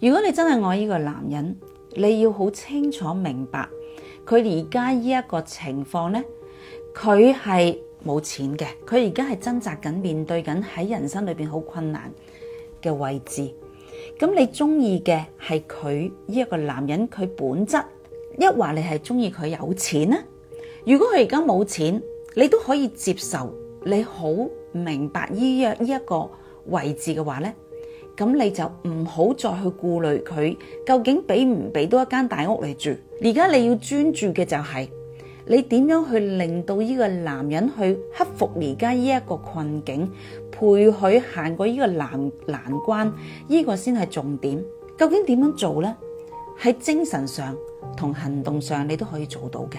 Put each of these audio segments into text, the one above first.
如果你真係愛呢個男人，你要好清楚明白佢而家呢一個情況呢，佢係冇錢嘅，佢而家係掙扎緊，面對緊喺人生裏邊好困難嘅位置。咁你中意嘅係佢呢一個男人，佢本質一話你係中意佢有錢呢？如果佢而家冇錢，你都可以接受，你好明白呢一呢一個位置嘅話呢。咁你就唔好再去顧慮佢究竟俾唔俾到一間大屋嚟住。而家你要專注嘅就係你點樣去令到呢個男人去克服而家呢一個困境，陪佢行過呢個難難關，呢個先係重點。究竟點樣做呢？喺精神上同行動上，你都可以做到嘅。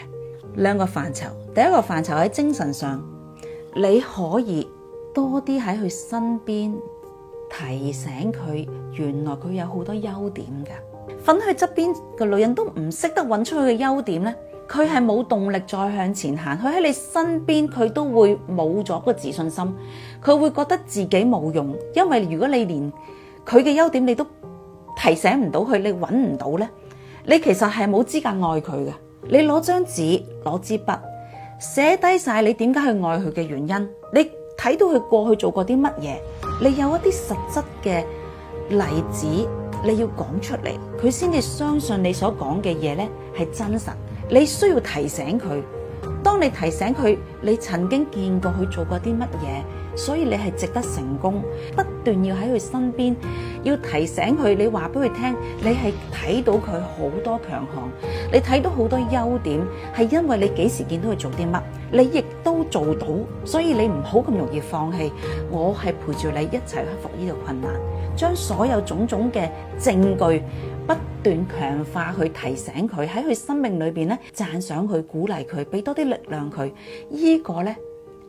兩個範疇，第一個範疇喺精神上，你可以多啲喺佢身邊。提醒佢，原來佢有好多優點噶，瞓喺佢側邊嘅女人都唔識得揾出佢嘅優點呢？佢係冇動力再向前行，佢喺你身邊佢都會冇咗個自信心，佢會覺得自己冇用，因為如果你連佢嘅優點你都提醒唔到佢，你揾唔到呢？你其實係冇資格愛佢嘅，你攞張紙攞支筆寫低晒你點解去愛佢嘅原因，你。睇到佢過去做過啲乜嘢，你有一啲實質嘅例子，你要講出嚟，佢先至相信你所講嘅嘢呢係真實。你需要提醒佢，當你提醒佢，你曾經見過佢做過啲乜嘢。所以你係值得成功，不斷要喺佢身邊，要提醒佢。你話俾佢聽，你係睇到佢好多強項，你睇到好多優點，係因為你幾時見到佢做啲乜，你亦都做到。所以你唔好咁容易放棄。我係陪住你一齊克服呢個困難，將所有種種嘅證據不斷強化，去提醒佢喺佢生命裏邊咧讚賞佢、鼓勵佢、俾多啲力量佢。依、這個咧。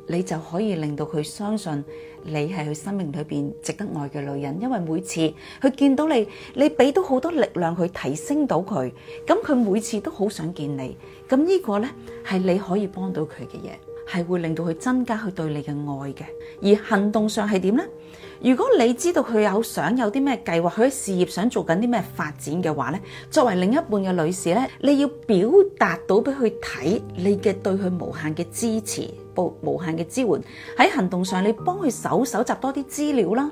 你就可以令到佢相信你係佢生命裏邊值得愛嘅女人，因為每次佢見到你，你俾到好多力量去提升到佢，咁佢每次都好想見你，咁呢個咧係你可以幫到佢嘅嘢，係會令到佢增加佢對你嘅愛嘅。而行動上係點咧？如果你知道佢有想有啲咩計劃，佢喺事業想做緊啲咩發展嘅話呢，作為另一半嘅女士呢，你要表達到俾佢睇，你嘅對佢無限嘅支持、無限嘅支援。喺行動上，你幫佢搜搜集多啲資料啦，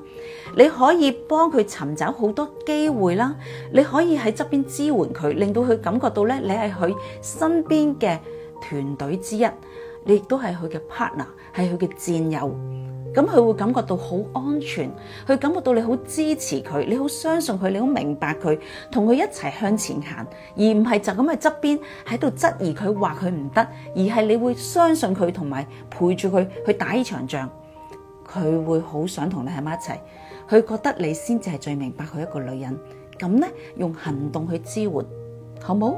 你可以幫佢尋找好多機會啦，你可以喺側邊支援佢，令到佢感覺到呢，你係佢身邊嘅團隊之一，你亦都係佢嘅 partner，係佢嘅戰友。咁佢會感覺到好安全，佢感覺到你好支持佢，你好相信佢，你好明白佢，同佢一齊向前行，而唔係就咁喺側邊喺度質疑佢話佢唔得，而係你會相信佢同埋陪住佢去打呢場仗，佢會好想同你喺埋一齊，佢覺得你先至係最明白佢一個女人，咁呢，用行動去支援，好冇？